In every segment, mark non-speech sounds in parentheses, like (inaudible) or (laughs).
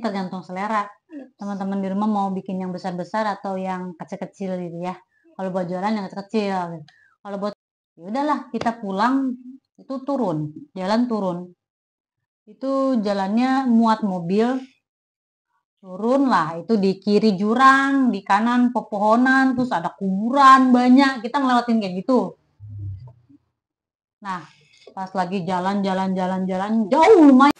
tergantung selera. Teman-teman di rumah mau bikin yang besar-besar atau yang kecil-kecil gitu ya. Kalau buat jualan yang kecil-kecil. Gitu. Kalau buat ya udahlah kita pulang itu turun, jalan turun. Itu jalannya muat mobil. Turun lah, itu di kiri jurang, di kanan pepohonan, terus ada kuburan banyak. Kita ngelewatin kayak gitu. Nah, pas lagi jalan-jalan jalan-jalan jauh lumayan.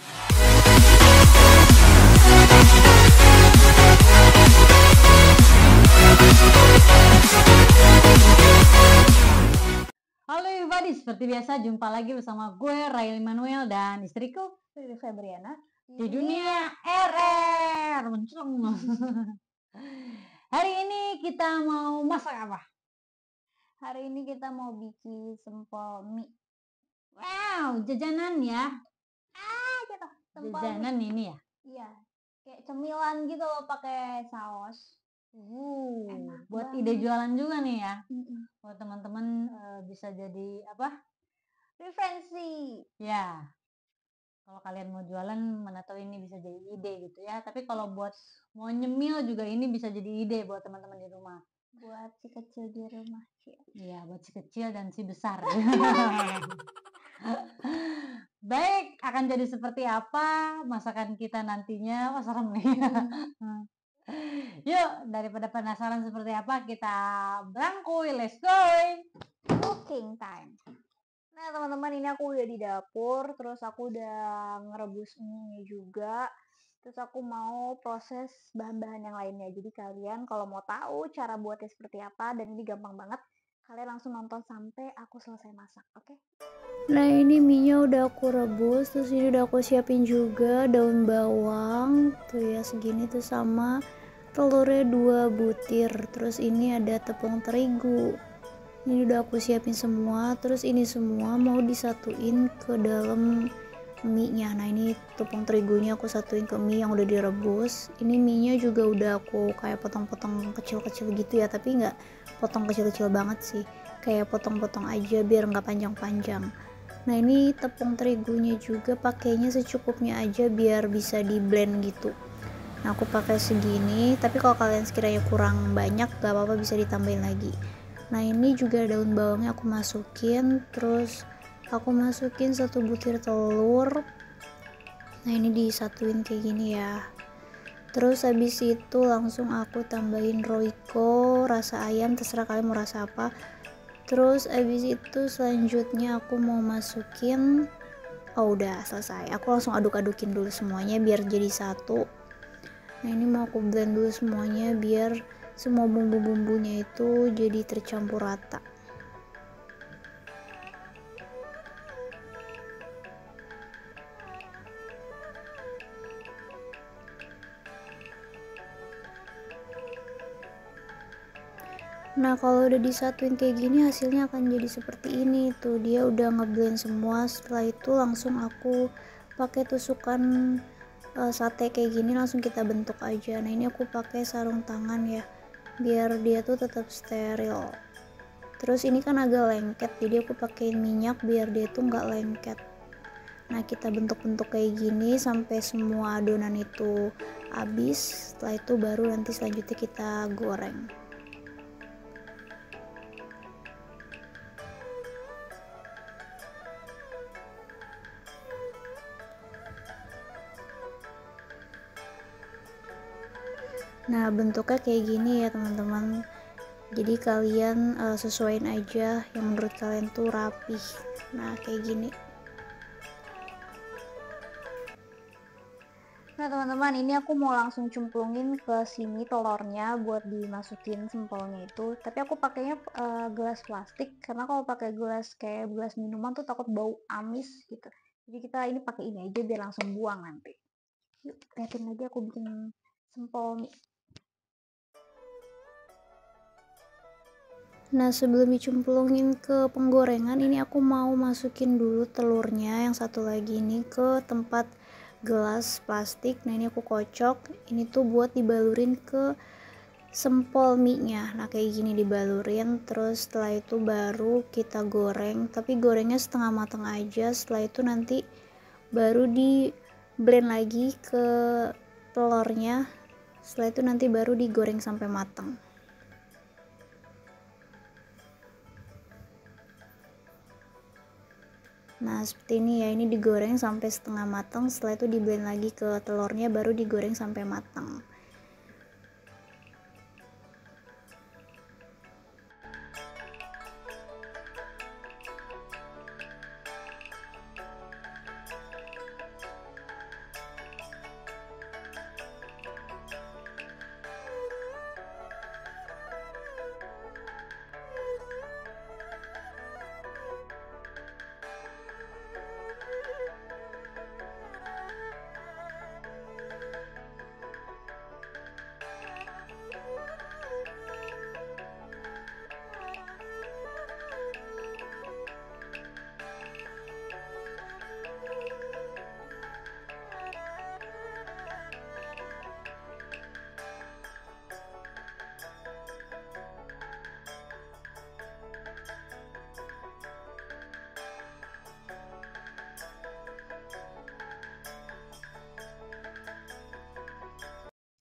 seperti biasa jumpa lagi bersama gue Rail Manuel dan istriku Riri Febriana di iya. dunia RR. Mencung. Hari ini kita mau masak apa? Hari ini kita mau bikin sempol mie. Wow, jajanan ya. Ah, jatuh. Gitu. Sempol jajanan mie. ini ya? Iya. Kayak cemilan gitu loh pakai saus. Uh, buat banget. ide jualan juga nih ya. Mm-mm. Buat teman-teman uh, bisa jadi apa? Referensi. Ya. Kalau kalian mau jualan, mana tahu ini bisa jadi ide gitu ya. Tapi kalau buat mau nyemil juga ini bisa jadi ide buat teman-teman di rumah. Buat si kecil di rumah sih. Iya, buat si kecil dan si besar. (laughs) Baik, akan jadi seperti apa masakan kita nantinya? Wah, serem nih. (laughs) (laughs) Yuk, daripada penasaran seperti apa, kita berangkui. Let's go! Cooking time. Nah, teman-teman, ini aku udah di dapur. Terus aku udah ngerebus mie juga. Terus aku mau proses bahan-bahan yang lainnya. Jadi kalian kalau mau tahu cara buatnya seperti apa, dan ini gampang banget, kalian langsung nonton sampai aku selesai masak, oke? Okay? Nah ini minyak udah aku rebus, terus ini udah aku siapin juga daun bawang, tuh ya segini tuh sama telurnya dua butir terus ini ada tepung terigu ini udah aku siapin semua terus ini semua mau disatuin ke dalam mie nya nah ini tepung terigunya aku satuin ke mie yang udah direbus ini mie nya juga udah aku kayak potong-potong kecil-kecil gitu ya tapi nggak potong kecil-kecil banget sih kayak potong-potong aja biar nggak panjang-panjang nah ini tepung terigunya juga pakainya secukupnya aja biar bisa di blend gitu nah aku pakai segini tapi kalau kalian sekiranya kurang banyak gak apa-apa bisa ditambahin lagi nah ini juga daun bawangnya aku masukin terus aku masukin satu butir telur nah ini disatuin kayak gini ya terus habis itu langsung aku tambahin roiko rasa ayam terserah kalian mau rasa apa terus habis itu selanjutnya aku mau masukin oh udah selesai aku langsung aduk-adukin dulu semuanya biar jadi satu nah ini mau aku blend dulu semuanya biar semua bumbu-bumbunya itu jadi tercampur rata Nah kalau udah disatuin kayak gini hasilnya akan jadi seperti ini tuh dia udah ngeblend semua setelah itu langsung aku pakai tusukan uh, sate kayak gini langsung kita bentuk aja nah ini aku pakai sarung tangan ya biar dia tuh tetap steril terus ini kan agak lengket jadi aku pakai minyak biar dia tuh nggak lengket nah kita bentuk-bentuk kayak gini sampai semua adonan itu habis setelah itu baru nanti selanjutnya kita goreng Nah, bentuknya kayak gini ya, teman-teman. Jadi kalian uh, sesuaiin aja yang menurut kalian tuh rapih. Nah, kayak gini. Nah, teman-teman, ini aku mau langsung cemplungin ke sini telurnya buat dimasukin sempolnya itu. Tapi aku pakainya uh, gelas plastik karena kalau pakai gelas kayak gelas minuman tuh takut bau amis gitu. Jadi kita ini pakai ini aja biar langsung buang nanti. Yuk, liatin aja aku bikin sempol mie. Nah, sebelum dicemplungin ke penggorengan, ini aku mau masukin dulu telurnya yang satu lagi ini ke tempat gelas plastik. Nah, ini aku kocok. Ini tuh buat dibalurin ke sempol mie-nya. Nah, kayak gini dibalurin, terus setelah itu baru kita goreng. Tapi gorengnya setengah matang aja. Setelah itu nanti baru di blend lagi ke telurnya. Setelah itu nanti baru digoreng sampai matang. Nah, seperti ini ya, ini digoreng sampai setengah matang, setelah itu di blend lagi ke telurnya baru digoreng sampai matang.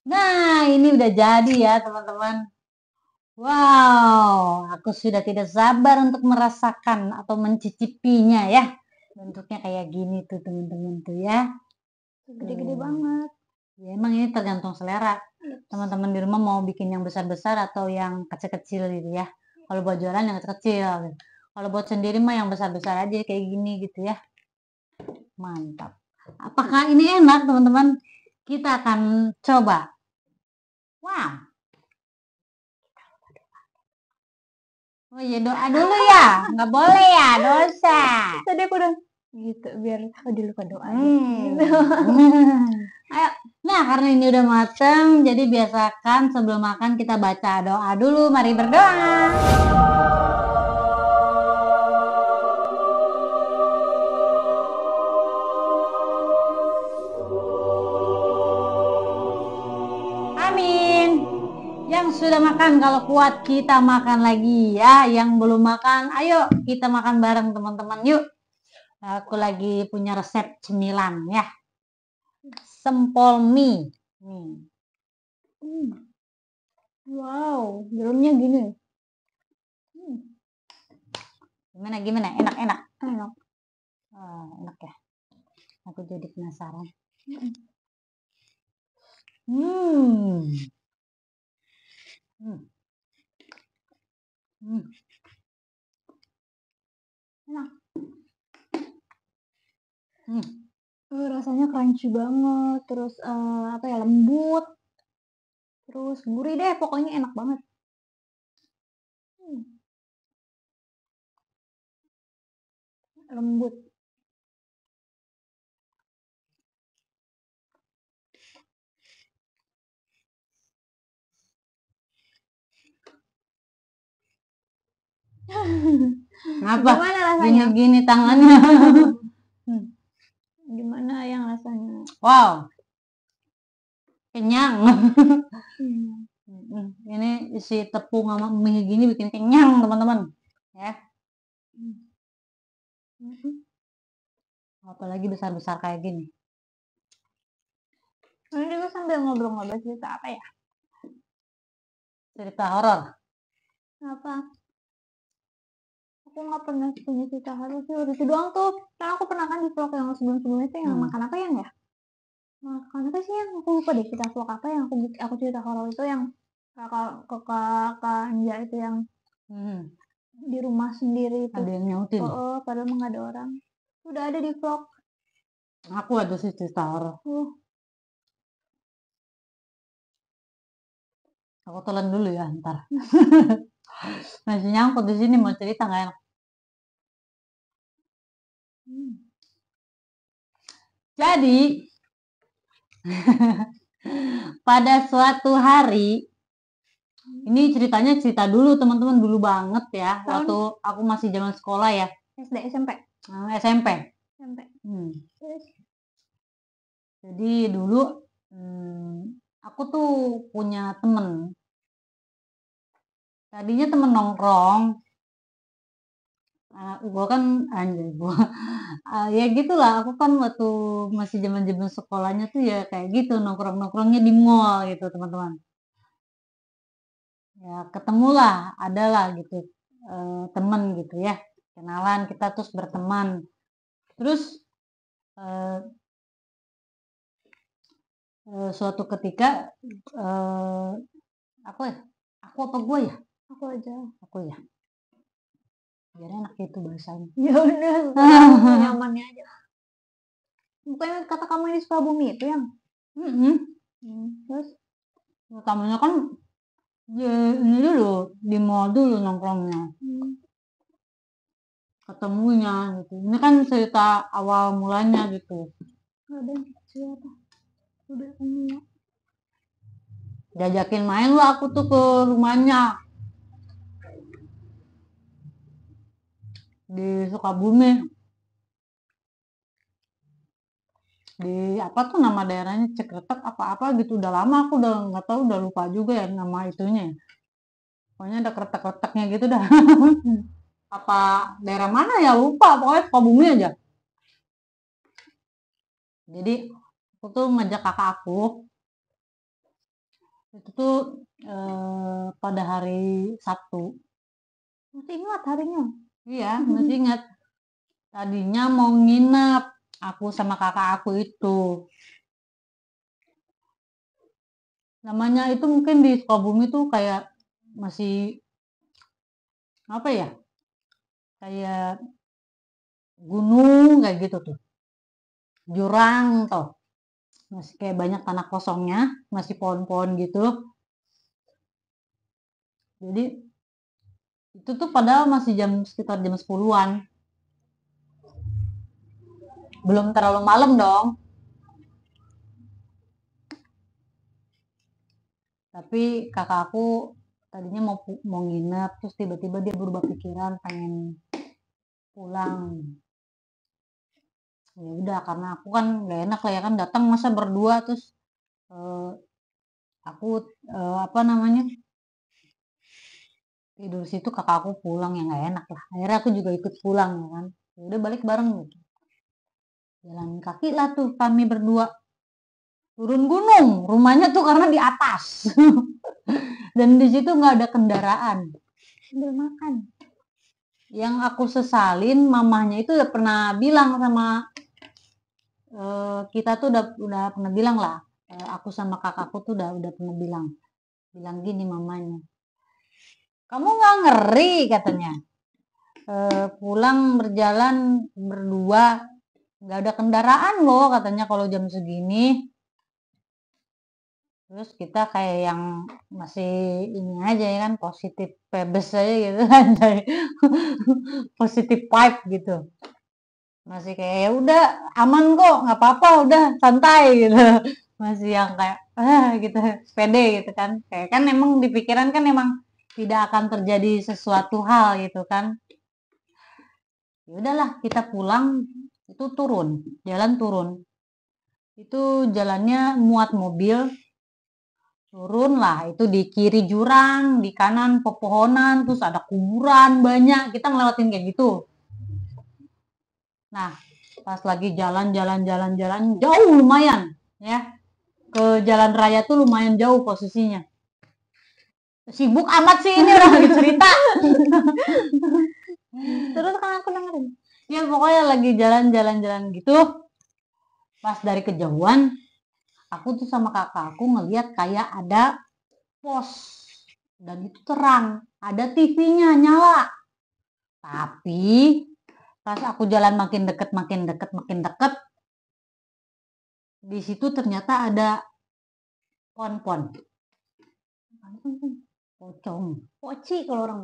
Nah, ini udah jadi ya, teman-teman. Wow, aku sudah tidak sabar untuk merasakan atau mencicipinya ya. Bentuknya kayak gini tuh, teman-teman tuh ya. Gede-gede banget. Ya, emang ini tergantung selera. Iya. Teman-teman di rumah mau bikin yang besar-besar atau yang kecil-kecil gitu ya. Kalau buat jualan yang kecil gitu. Kalau buat sendiri mah yang besar-besar aja kayak gini gitu ya. Mantap. Apakah ini enak, teman-teman? Kita akan coba Wow. Oh iya doa dulu ya, nggak boleh ya dosa. (laughs) Tadi aku udah gitu biar aku dulu ke doa. Hmm. Gitu. (laughs) Ayo. Nah karena ini udah mateng, jadi biasakan sebelum makan kita baca doa dulu. Mari berdoa. sudah makan, kalau kuat kita makan lagi ya. Yang belum makan, ayo kita makan bareng teman-teman yuk. Aku lagi punya resep cemilan ya. Sempol mie. Hmm. Wow, dalamnya gini. Hmm. Gimana gimana? Enak enak. Enak. Oh, enak ya. Aku jadi penasaran. Hmm. hmm. うんうん enak hmm. Uh, rasanya crunchy banget terus uh, apa ya lembut terus gurih deh pokoknya enak banget hmm. lembut Kenapa? Gimana rasanya? Gini-gini tangannya. Hmm. Gimana yang rasanya? Wow. Kenyang. Hmm. Hmm, ini isi tepung sama mie gini bikin kenyang, teman-teman. Ya. Apalagi besar-besar kayak gini. Ini juga sambil ngobrol-ngobrol cerita apa ya? Cerita horor. Apa? aku nggak pernah punya cita harus sih waktu itu doang tuh karena aku pernah kan di vlog yang sebelum sebelumnya tuh yang hmm. makan apa yang ya makan apa sih yang aku lupa deh cerita vlog apa yang aku aku cerita horor itu yang kakak kakak kanja itu yang hmm. di rumah sendiri itu. ada yang nyautin oh, oh padahal nggak ada orang udah ada di vlog aku ada sih cerita horor uh. aku telan dulu ya ntar (laughs) masih nyangkut di sini mau cerita nggak enak jadi, (laughs) pada suatu hari, ini ceritanya cerita dulu teman-teman dulu banget ya, Tahun. waktu aku masih zaman sekolah ya. SD SMP. Ah, SMP. SMP. Hmm. Jadi dulu hmm, aku tuh punya temen. Tadinya temen nongkrong, Uh, gua kan anjay gua uh, (laughs) ya gitulah aku kan waktu masih zaman-zaman sekolahnya tuh ya kayak gitu nongkrong-nongkrongnya di mall gitu teman-teman ya ketemulah adalah gitu uh, teman gitu ya kenalan kita terus berteman terus uh, uh, suatu ketika uh, aku ya aku apa gue ya aku aja aku ya Biar enak itu bahasanya. (laughs) Ya udah, (laughs) nyamannya aja. Bukannya kata kamu ini suka bumi itu yang? Mm -hmm. hmm. Terus? Ya, kan ya ini dulu di mall dulu nongkrongnya hmm. ketemunya gitu ini kan cerita awal mulanya gitu ada siapa udah kamu diajakin main lah aku tuh ke rumahnya di Sukabumi di apa tuh nama daerahnya Cekretek apa-apa gitu udah lama aku udah nggak tahu udah lupa juga ya nama itunya pokoknya ada kretek-kreteknya gitu dah (laughs) apa daerah mana ya lupa pokoknya Sukabumi aja jadi aku tuh ngajak kakak aku itu tuh eh, pada hari Sabtu masih ingat harinya Iya, masih ingat. Tadinya mau nginap aku sama kakak aku itu. Namanya itu mungkin di Sukabumi tuh kayak masih apa ya? Kayak gunung kayak gitu tuh. Jurang toh. Masih kayak banyak tanah kosongnya, masih pohon-pohon gitu. Jadi itu tuh padahal masih jam sekitar jam 10-an belum terlalu malam dong tapi kakak aku tadinya mau mau nginep terus tiba-tiba dia berubah pikiran pengen pulang ya udah karena aku kan gak enak lah ya kan datang masa berdua terus uh, aku uh, apa namanya tidur situ kakak aku pulang ya nggak enak lah akhirnya aku juga ikut pulang ya kan ya udah balik bareng gitu jalan kaki lah tuh kami berdua turun gunung rumahnya tuh karena di atas (laughs) dan di situ nggak ada kendaraan sambil makan yang aku sesalin mamahnya itu udah pernah bilang sama eh, kita tuh udah udah pernah bilang lah uh, aku sama kakakku tuh udah udah pernah bilang bilang gini mamanya kamu nggak ngeri katanya e, pulang berjalan berdua nggak ada kendaraan loh katanya kalau jam segini terus kita kayak yang masih ini aja ya kan positif pebes aja gitu (laughs) kan positif vibe gitu masih kayak ya udah aman kok nggak apa-apa udah santai gitu masih yang kayak ah gitu pede gitu kan kayak kan emang di pikiran kan emang tidak akan terjadi sesuatu hal gitu kan ya udahlah kita pulang itu turun jalan turun itu jalannya muat mobil turun lah itu di kiri jurang di kanan pepohonan terus ada kuburan banyak kita ngelewatin kayak gitu nah pas lagi jalan-jalan jalan-jalan jauh lumayan ya ke jalan raya tuh lumayan jauh posisinya sibuk amat sih ini orang lagi cerita (laughs) terus kan aku dengerin ya pokoknya lagi jalan-jalan-jalan gitu pas dari kejauhan aku tuh sama kakak aku ngeliat kayak ada pos dan itu terang ada TV-nya nyala tapi pas aku jalan makin deket makin deket makin deket di situ ternyata ada pon-pon pocong poci kalau orang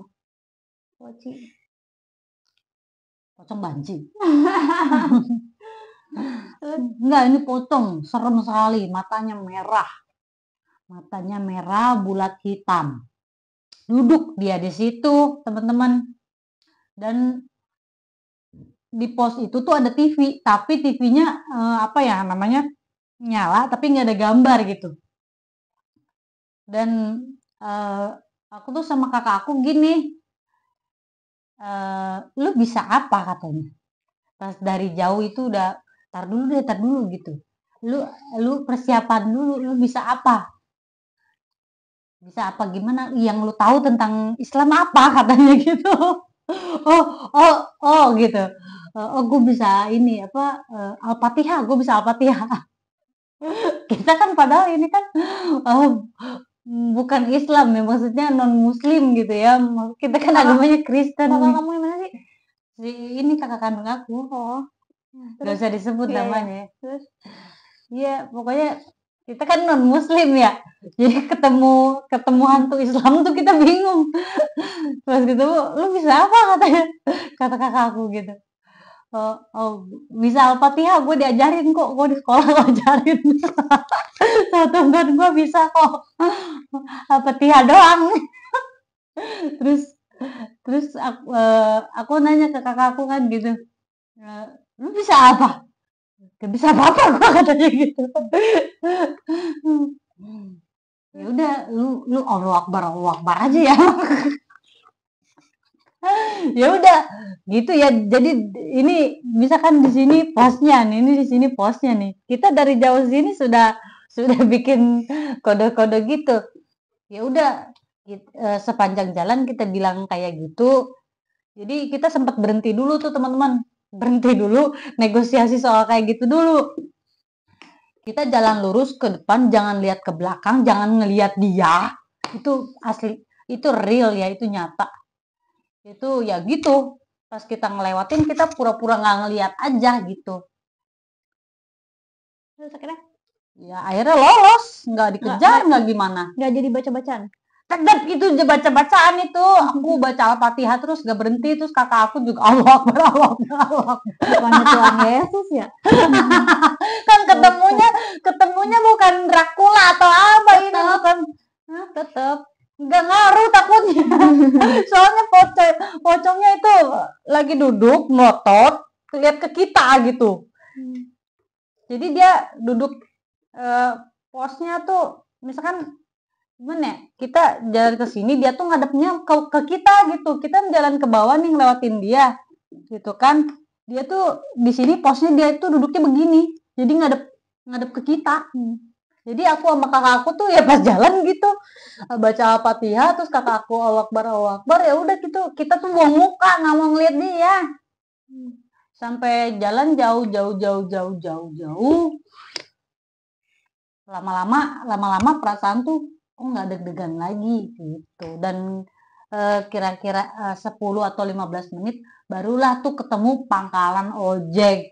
poci pocong banci (laughs) enggak ini pocong serem sekali matanya merah matanya merah bulat hitam duduk dia di situ teman-teman dan di pos itu tuh ada TV tapi TV-nya eh, apa ya namanya nyala tapi nggak ada gambar gitu dan eh, aku tuh sama kakak aku gini e, lu bisa apa katanya pas dari jauh itu udah tar dulu deh tar dulu gitu lu lu persiapan dulu lu bisa apa bisa apa gimana yang lu tahu tentang Islam apa (laughs) katanya gitu oh oh oh gitu eh, oh gue bisa ini apa eh, al-fatihah gue bisa al-fatihah (laughs) kita kan padahal ini kan bukan Islam ya maksudnya non Muslim gitu ya kita kan kakak, agamanya Kristen kakak kamu yang sih si ini kakak kandung aku oh nggak usah disebut iya, iya. namanya ya. terus ya pokoknya kita kan non Muslim ya jadi ketemu ketemu hantu Islam tuh kita bingung terus gitu lu bisa apa katanya kata kakak aku gitu oh, oh bisa al-fatihah gue diajarin kok gue di sekolah (laughs) ngajarin teman gue bisa kok petiha doang terus terus aku, uh, eh, aku nanya ke kakakku kan gitu eh, lu bisa apa gak bisa apa apa gue katanya gitu ya udah lu lu allah akbar allah akbar aja ya ya udah gitu ya jadi ini misalkan di sini posnya nih ini di sini posnya nih kita dari jauh sini sudah sudah (laughs) bikin kode-kode gitu ya udah e, sepanjang jalan kita bilang kayak gitu jadi kita sempat berhenti dulu tuh teman-teman (laughs) berhenti dulu negosiasi soal kayak gitu dulu kita jalan lurus ke depan jangan lihat ke belakang jangan ngelihat dia itu asli itu real ya itu nyata itu ya gitu pas kita ngelewatin kita pura-pura nggak -pura ngelihat aja gitu terus akhirnya Ya akhirnya lolos, nggak dikejar, nggak gimana. Nggak jadi baca-bacaan? Tetep itu baca-bacaan itu. Aku hmm. baca Al-Fatihah terus nggak berhenti. Terus kakak aku juga Allah Akbar, (laughs) Allah Akbar, Tuhan Yesus ya? (laughs) kan ketemunya, ketemunya bukan Dracula atau apa tetep. ini. Bukan, tetep. Nggak ngaruh takutnya. (laughs) Soalnya pocong, pocongnya itu lagi duduk, ngotot, lihat ke kita gitu. Hmm. Jadi dia duduk Eh, posnya tuh misalkan gimana ya kita jalan ke sini dia tuh ngadepnya ke, ke kita gitu kita jalan ke bawah nih ngelewatin dia gitu kan dia tuh di sini posnya dia itu duduknya begini jadi ngadep ngadep ke kita jadi aku sama kakak aku tuh ya pas jalan gitu eh, baca al-fatihah terus kakak aku Allah Akbar Allah Akbar ya udah gitu kita tuh buang muka nggak mau ngeliat dia sampai jalan jauh jauh jauh jauh jauh jauh lama-lama lama-lama perasaan tuh kok oh, nggak deg-degan lagi gitu dan eh, kira-kira eh, sepuluh atau 10 atau 15 menit barulah tuh ketemu pangkalan ojek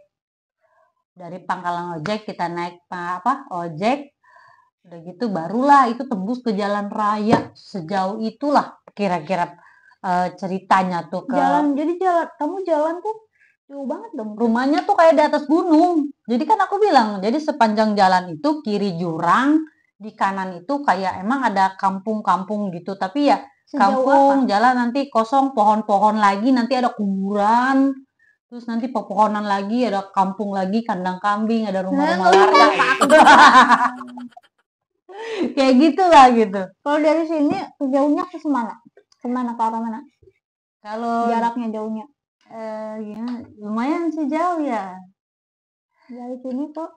dari pangkalan ojek kita naik apa ojek udah gitu barulah itu tembus ke jalan raya sejauh itulah kira-kira e, ceritanya tuh ke jalan jadi jalan kamu jalan tuh jauh banget dong rumahnya tuh kayak di atas gunung jadi kan aku bilang jadi sepanjang jalan itu kiri jurang di kanan itu kayak emang ada kampung-kampung gitu tapi ya Sejauh kampung apa? jalan nanti kosong pohon-pohon lagi nanti ada kuburan terus nanti pepohonan lagi ada kampung lagi kandang kambing ada rumah-rumah nah, warga (laughs) kayak gitu lah gitu kalau dari sini jauhnya ke mana kemana ke arah mana kalau jaraknya jauhnya eh, gimana? Ya, lumayan sih jauh ya dari sini kok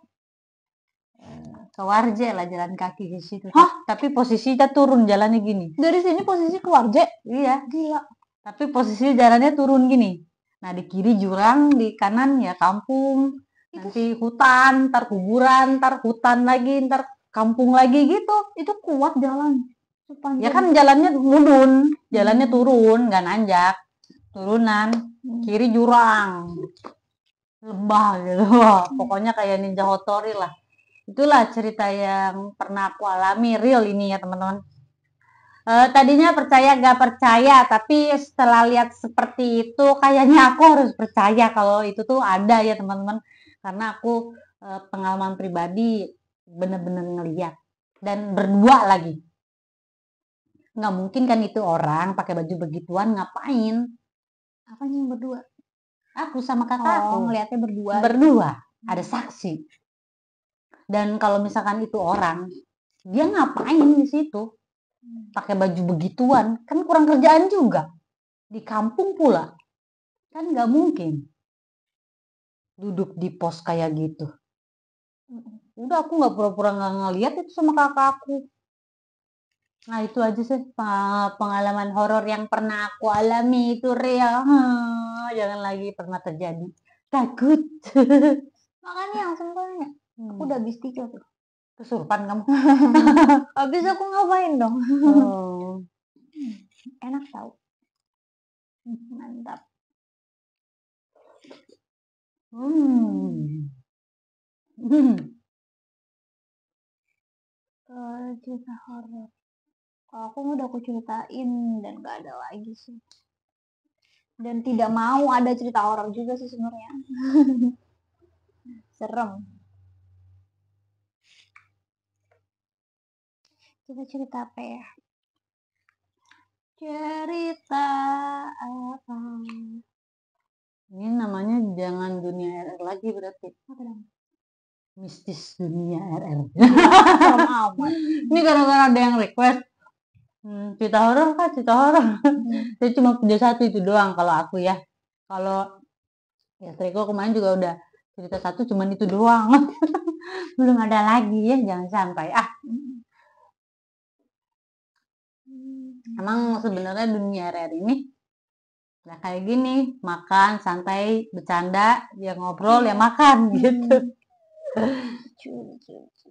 eh, ke Warje lah jalan kaki ke situ. Hah? Tapi posisinya turun jalannya gini. Dari sini posisi ke Warje? Iya. Gila. Tapi posisi jalannya turun gini. Nah di kiri jurang, di kanan ya kampung. Itu... Nanti hutan, ntar kuburan, ntar hutan lagi, ntar kampung lagi gitu. Itu kuat jalan. Ya Sepanjang. Ya kan jalannya turun jalannya hmm. turun, nggak nanjak turunan hmm. kiri jurang lembah gitu pokoknya kayak ninja hotori lah itulah cerita yang pernah aku alami real ini ya teman-teman e, tadinya percaya gak percaya tapi setelah lihat seperti itu kayaknya aku harus percaya kalau itu tuh ada ya teman-teman karena aku e, pengalaman pribadi bener-bener ngeliat dan berdua lagi nggak mungkin kan itu orang pakai baju begituan ngapain apa yang berdua? Aku sama kakak oh, aku ngelihatnya berdua. Berdua. Ada saksi. Dan kalau misalkan itu orang, dia ngapain di situ? Pakai baju begituan, kan kurang kerjaan juga. Di kampung pula. Kan nggak mungkin. Duduk di pos kayak gitu. Udah aku nggak pura-pura nggak ngeliat itu sama kakak aku. Nah itu aja sih pak pengalaman horor yang pernah aku alami itu real. jangan lagi pernah terjadi. Takut. (laughs) Makanya langsung tanya. Hmm. Aku udah habis tiga tuh. Kesurupan kamu. (laughs) habis aku ngapain dong? oh. (laughs) Enak tau. Mantap. Hmm. Hmm. Uh, horor kalau aku udah aku ceritain dan gak ada lagi sih dan tidak mau ada cerita orang juga sih sebenarnya (laughs) serem kita cerita apa ya cerita apa ini namanya jangan dunia RR lagi berarti mistis dunia RR (laughs) ini gara-gara ada yang request Hmm, cerita horor kan cerita horor. Hmm. Saya (laughs) cuma punya satu itu doang kalau aku ya. Kalau ya Triko kemarin juga udah cerita satu cuman itu doang. (laughs) Belum ada lagi ya, jangan sampai. Ah. Emang sebenarnya dunia rare ini Nah kayak gini, makan, santai, bercanda, ya ngobrol, ya hmm. makan gitu. Hmm. (laughs) Lucu, lucu,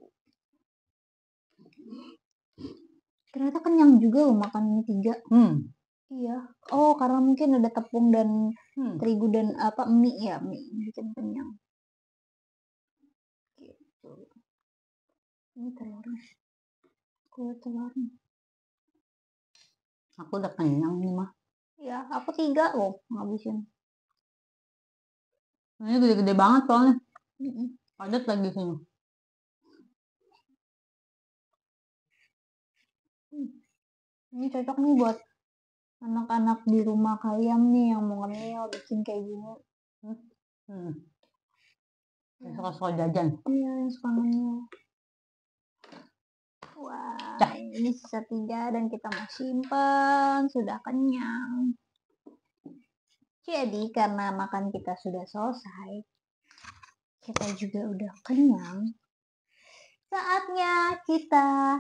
Ternyata kenyang juga loh makan mie tiga. Hmm. Iya. Oh, karena mungkin ada tepung dan hmm. terigu dan apa mie ya, mie bikin kenyang. Gitu. Ini telurnya. Kue telurnya. Aku udah kenyang nih mah. Iya, aku tiga loh ngabisin. Ini gede-gede banget soalnya. Padat lagi sih. ini cocok nih buat anak-anak di rumah kalian nih yang mau ngemil bikin kayak gini hmm. Hmm. Yang suka suka jajan iya yang suka ngemil wah Dah. ini sisa tiga dan kita mau simpan sudah kenyang jadi karena makan kita sudah selesai kita juga udah kenyang saatnya kita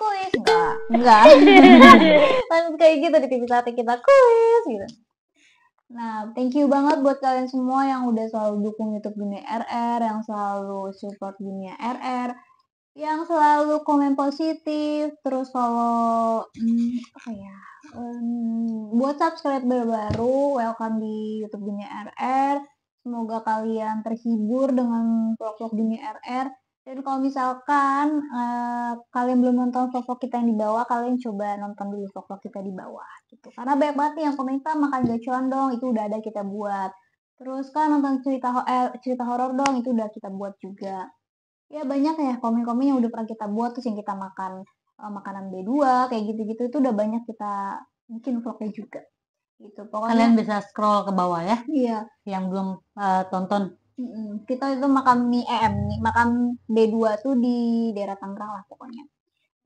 kuis enggak enggak lanjut (laughs) kayak gitu di TV saatnya kita kuis gitu Nah, thank you banget buat kalian semua yang udah selalu dukung YouTube Dunia RR, yang selalu support Dunia RR, yang selalu komen positif, terus follow, hmm, apa ya, hmm, buat subscriber baru, welcome di YouTube Dunia RR. Semoga kalian terhibur dengan vlog-vlog Dunia RR. Dan kalau misalkan uh, kalian belum nonton sosok kita yang di bawah, kalian coba nonton dulu sosok kita di bawah gitu. Karena banyak banget nih yang komentar makan gacuan dong, itu udah ada kita buat. Terus kan nonton cerita eh, cerita horor dong, itu udah kita buat juga. Ya banyak ya komen-komen yang udah pernah kita buat terus yang kita makan uh, makanan B2 kayak gitu-gitu itu udah banyak kita bikin vlognya juga. Gitu. Pokoknya kalian bisa scroll ke bawah ya. Iya. Yang belum uh, tonton kita itu makan mie eh, EM nih, makam B2 tuh di daerah Tangerang lah pokoknya.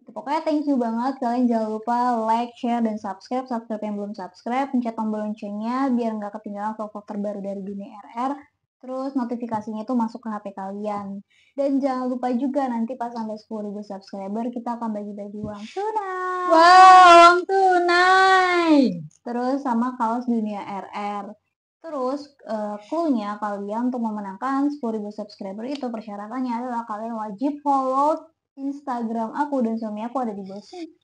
Gitu. Pokoknya thank you banget kalian jangan lupa like, share dan subscribe. Subscribe yang belum subscribe, pencet tombol loncengnya biar nggak ketinggalan vlog terbaru dari dunia RR. Terus notifikasinya itu masuk ke HP kalian. Dan jangan lupa juga nanti pas sampai 10.000 subscriber kita akan bagi-bagi uang tunai. Wow, uang tunai. Terus sama kaos dunia RR. Terus uh, clue-nya kalian untuk memenangkan 10.000 subscriber itu persyaratannya adalah kalian wajib follow Instagram aku dan suami aku ada di bawah sini.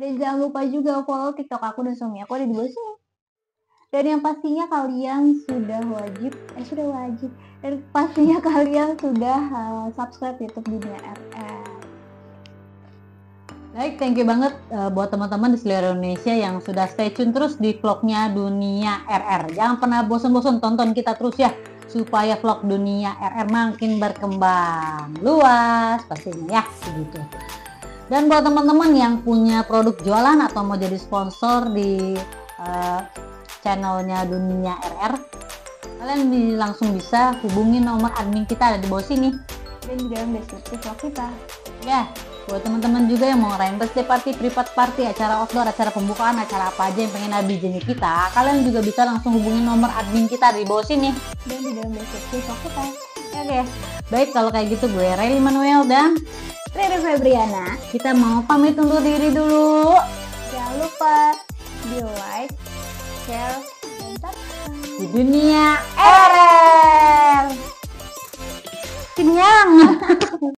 Dan jangan lupa juga follow TikTok aku dan suami aku ada di bawah sini. Dan yang pastinya kalian sudah wajib, eh sudah wajib. Dan pastinya (laughs) kalian sudah uh, subscribe YouTube Dunia RR. Baik, thank you banget uh, buat teman-teman di seluruh Indonesia yang sudah stay tune terus di vlognya Dunia RR. Jangan pernah bosan-bosan tonton kita terus ya, supaya vlog Dunia RR makin berkembang luas pastinya ya, begitu. Dan buat teman-teman yang punya produk jualan atau mau jadi sponsor di uh, channelnya Dunia RR, kalian langsung bisa hubungi nomor admin kita ada di bawah sini. Dan di dalam deskripsi vlog kita. Ya, buat teman-teman juga yang mau ngerayain birthday party, private party, acara outdoor, acara pembukaan, acara apa aja yang pengen Abi jenis kita, kalian juga bisa langsung hubungi nomor admin kita di bawah sini dan di dalam deskripsi kita. Oke, okay. baik kalau kayak gitu gue Rayli Manuel dan Riri Febriana. Kita mau pamit undur diri dulu. Jangan lupa di like, share, dan subscribe di dunia RR. Kenyang. (laughs)